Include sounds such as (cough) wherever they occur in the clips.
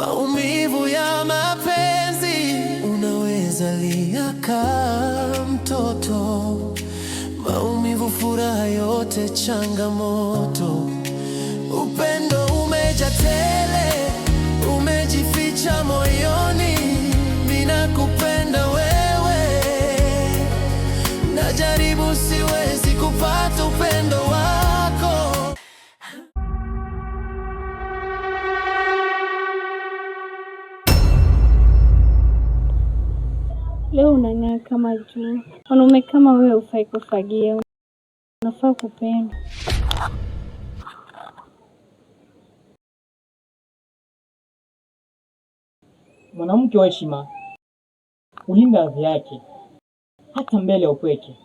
maumivu ya mapenzi, unaweza lia kama mtoto. Maumivu, furaha, yote changamoto, upendo umejatele tele, umejificha moyo Leo unang'aa kama jua. Wanaume kama wewe hufai kufagia, unafaa kupenda. Mwanamke wa heshima ulinda hadhi yake hata mbele ya upweke,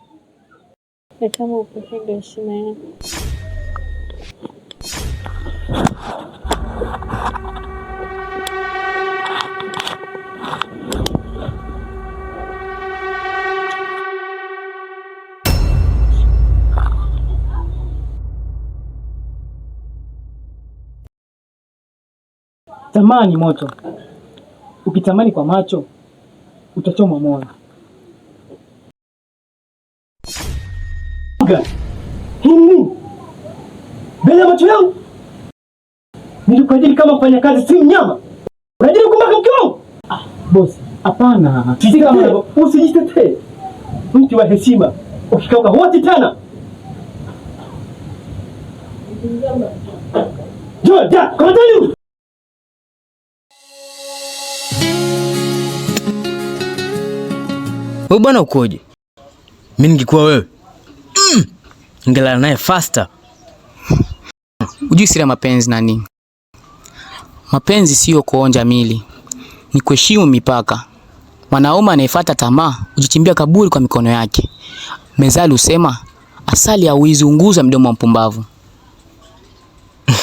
na kama upweke ndio heshima yake Tamani moto, ukitamani kwa macho utachoma moyo. Hii mbele ya macho yangu nilikujadili kama kufanya kazi si mnyama, Unajili kumbaka mke wangu. Ah, bosi, hapana, usijitetee. Mti wa heshima ukikauka wote tena Joda, kwa Wewe bwana ukoje? Mimi ningekuwa wewe mm, ningelala naye faster. Ujui siri ya mapenzi nani? Mapenzi siyo kuonja mili, ni kuheshimu mipaka. Mwanaume anayefuata tamaa hujichimbia kaburi kwa mikono yake. Mezali husema asali hauizunguza mdomo wa mpumbavu.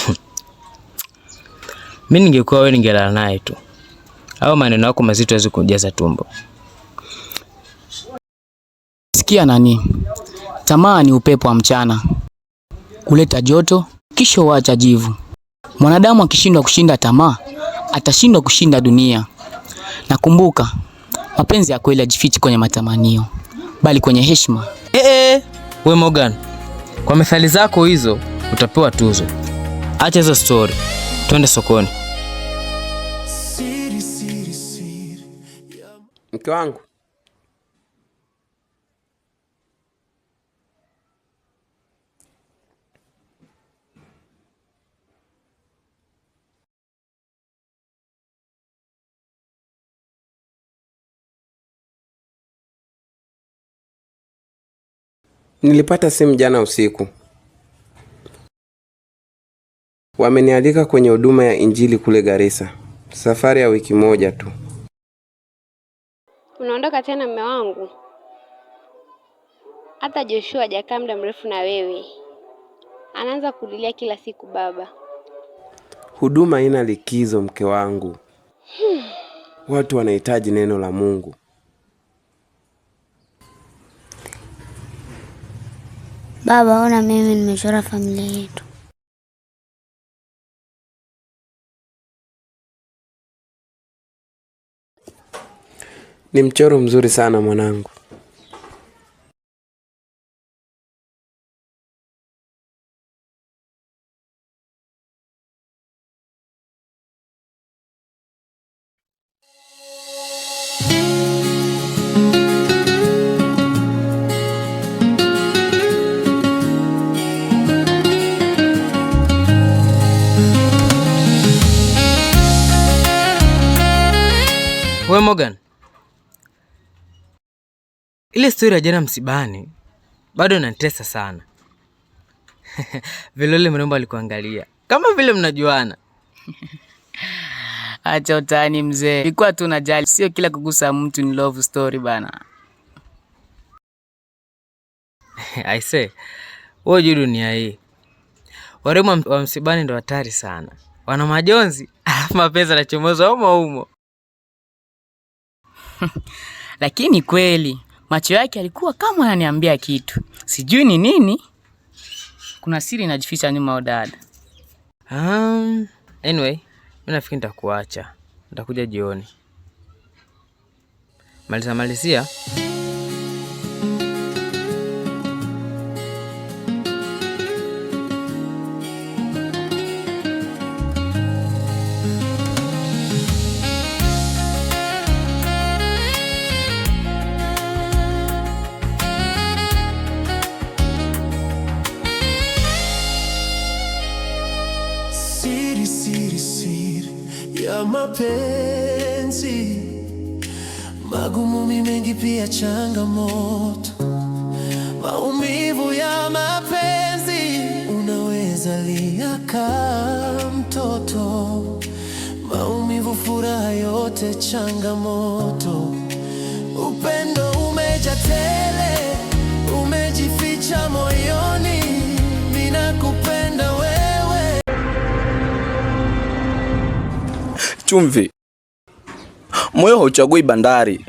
(laughs) Mimi ningekuwa wewe ningelala naye tu, au maneno yako mazito yaweze kujaza tumbo. Nasikia nani, tamaa ni upepo wa mchana, kuleta joto kisha uacha jivu. Mwanadamu akishindwa kushinda tamaa, atashindwa kushinda dunia. Nakumbuka mapenzi ya kweli hajifichi kwenye matamanio, bali kwenye heshima. Ee we Morgan, kwa methali zako hizo utapewa tuzo. Acha hizo stori, twende sokoni. Mke wangu Nilipata simu jana usiku, wamenialika kwenye huduma ya injili kule Garissa, safari ya wiki moja tu. Unaondoka tena mme wangu? Hata Joshua hajakaa muda mrefu na wewe, anaanza kulilia kila siku baba. Huduma haina likizo mke wangu. Hmm. Watu wanahitaji neno la Mungu. Baba, ona mimi nimechora familia yetu. Ni mchoro mzuri sana mwanangu. We Morgan, ile stori ya jana msibani bado inanitesa sana. (laughs) Vilole mrembo alikuangalia kama vile mnajuana. (laughs) Acha utani mzee, ilikuwa tu najali, sio kila kugusa mtu ni love story bana. (laughs) I say, wewe juu dunia hii warembo wa msibani ndo hatari sana, wana majonzi alafu mapenzi anachomozwa umo umo. (laughs) Lakini kweli macho yake yalikuwa kama ananiambia kitu, sijui ni nini. Kuna siri inajificha nyuma ya oh, dada. Um, anyway, mimi nafikiri nitakuacha, nitakuja jioni. Maliza malizia changamoto, maumivu ya mapenzi, unaweza lia kama mtoto, maumivu, furaha yote changamoto, upendo umeja tele, umejificha moyoni, ninakupenda wewe. Chumvi, moyo hauchagui bandari.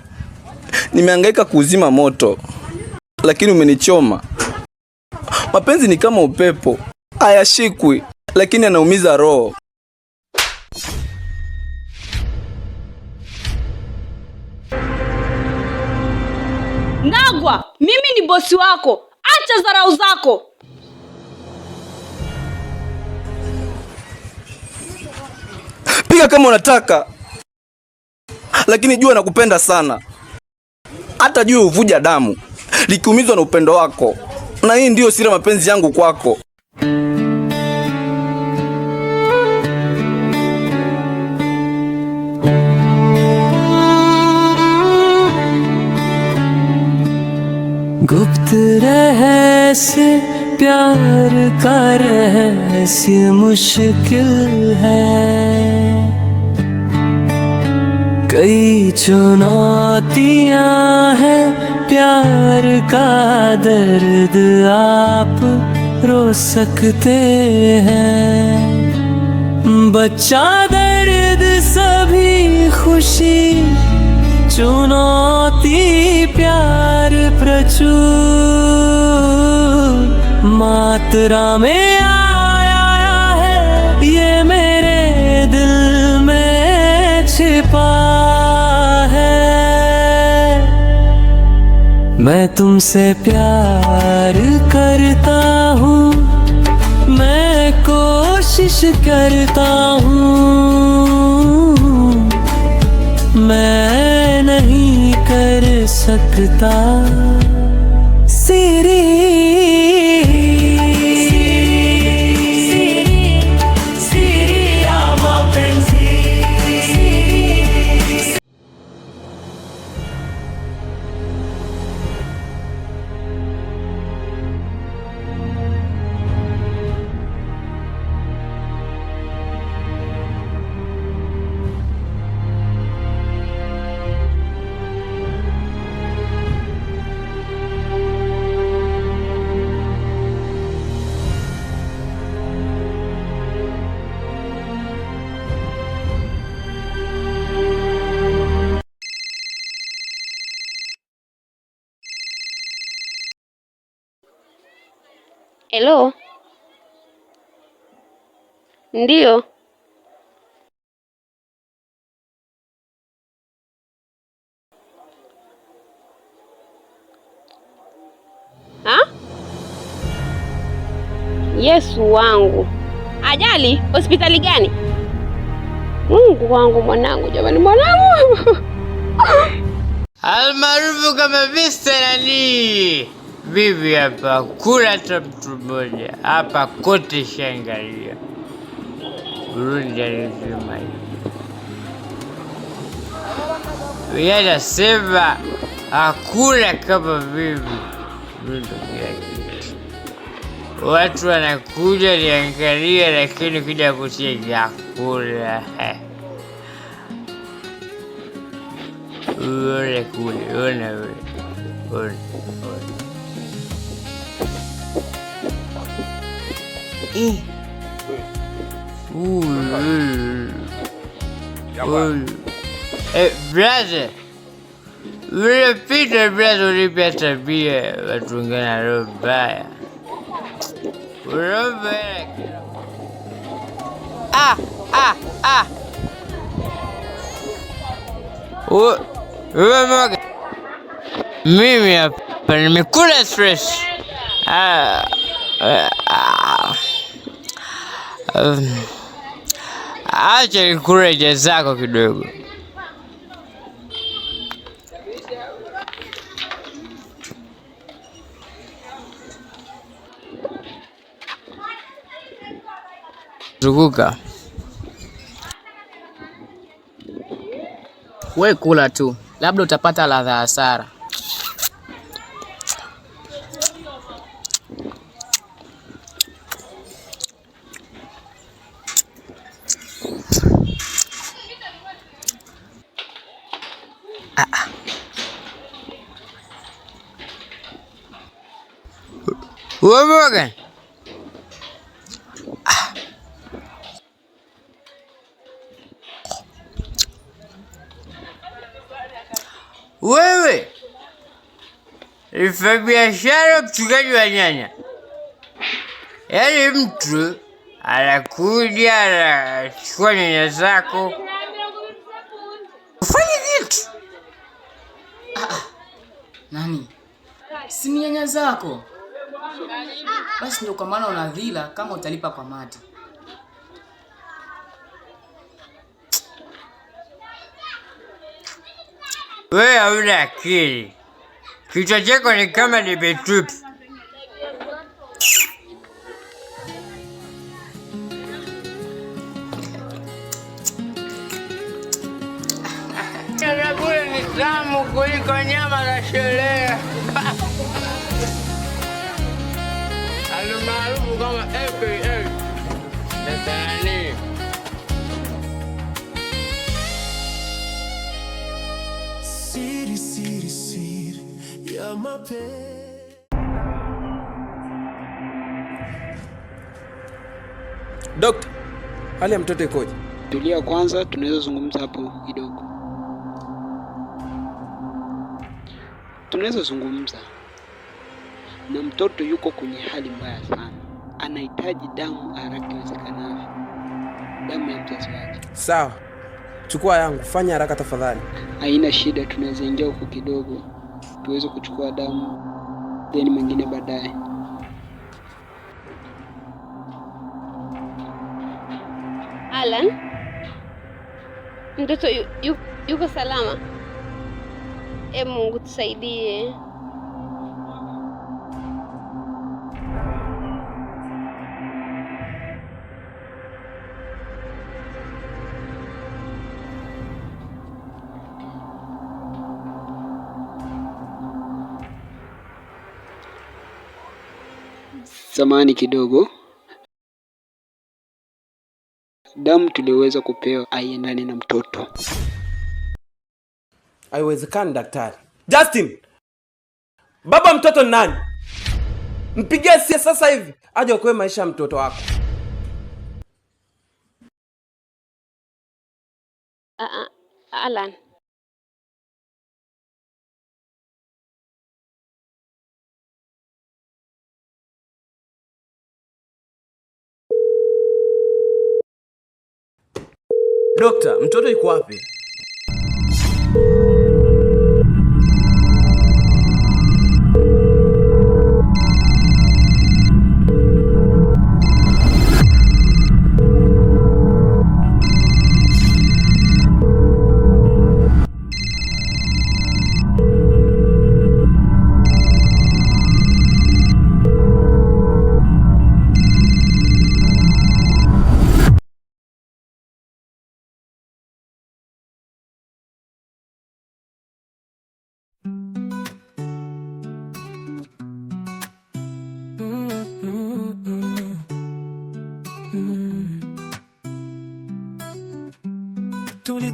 Nimehangaika kuuzima moto, lakini umenichoma. Mapenzi ni kama upepo, hayashikwi lakini anaumiza roho. Ndagwa, mimi ni bosi wako, acha dharau zako. Piga kama unataka, lakini jua nakupenda sana hata juu uvuja damu likiumizwa na upendo wako, na hii ndiyo siri mapenzi yangu kwako. गुप्त रहस्य प्यार का रहस्य मुश्किल है कई चुनौतियां हैं प्यार का दर्द आप रो सकते हैं बच्चा दर्द सभी खुशी चुनौती प्यार प्रचुर मात्रा में आ मैं तुमसे प्यार करता हूँ मैं कोशिश करता हूँ मैं नहीं कर सकता Hello? Ndiyo. Ha? Yesu wangu. Ajali hospitali gani? Mungu wangu, mwanangu, jamani, mwanangu (laughs) almaarufu kama Mr. Nani. Vivi hapa kula hata mtu mmoja hapa kote, shangalia Burundi alizima yanasema hakula kama vivi watu wanakuja niangalia, lakini kuja kutia chakula kule kule, ona ona 이. 우울. 우울. 에, 브라즈. 우리 피자 브라즈 우리 피자 비에 중간으로 봐야. 우리 배. 아, 아, 아. 우, 왜 먹? 미미야, 빨리 미꾸라 스트레스. 아, 아. acha nikureje zako kidogo. Zunguka we, kula tu, labda utapata ladha hasara. gani? Ah. Wewe biashara mchungaji wa nyanya, yaani mtu anakuja anachukua nyanya zako, ufanye kitu ah, ah. nani? Si nyanya zako basi ndio kwa maana una dhila kama utalipa kwa mate. Wewe hauna akili, kichwa chako ni kama ni betupu. Chakula ni tamu kuliko nyama za sherehe. Dokta, hali ya mtoto ikoje? Tulia kwanza, tunaweza zungumza hapo kidogo. Tunaweza zungumza na mtoto yuko kwenye hali mbaya sana anahitaji damu haraka iwezekanavyo, damu ya mzazi wake. Sawa, chukua yangu, fanya haraka tafadhali. Haina shida, tunaweza ingia huko kidogo tuweze kuchukua damu, then mwingine baadaye. Alan, mtoto yuko salama? E Mungu tusaidie. zamani kidogo, damu tuliweza kupewa aiendane na mtoto. Haiwezekani daktari. Justin, baba mtoto ni nani? Mpigie sie sasa hivi aje ukoe maisha ya mtoto wako. uh, Alan Dokta, mtoto yuko wapi?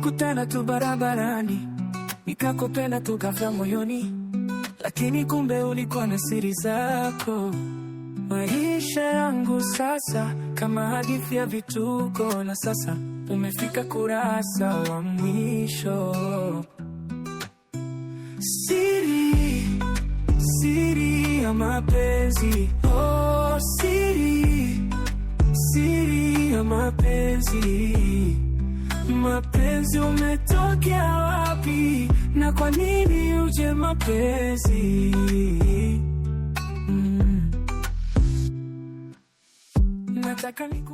tulikutana tu barabarani, nikakupenda tu ghafla moyoni, lakini kumbe ulikuwa na siri zako. Maisha yangu sasa kama hadithi ya vituko, na sasa umefika kurasa wa mwisho. Siri, siri ya mapenzi, oh, siri, siri ya mapenzi Mapenzi umetokea wapi? Na kwa nini uje mapenzi? Mm. Nataka ni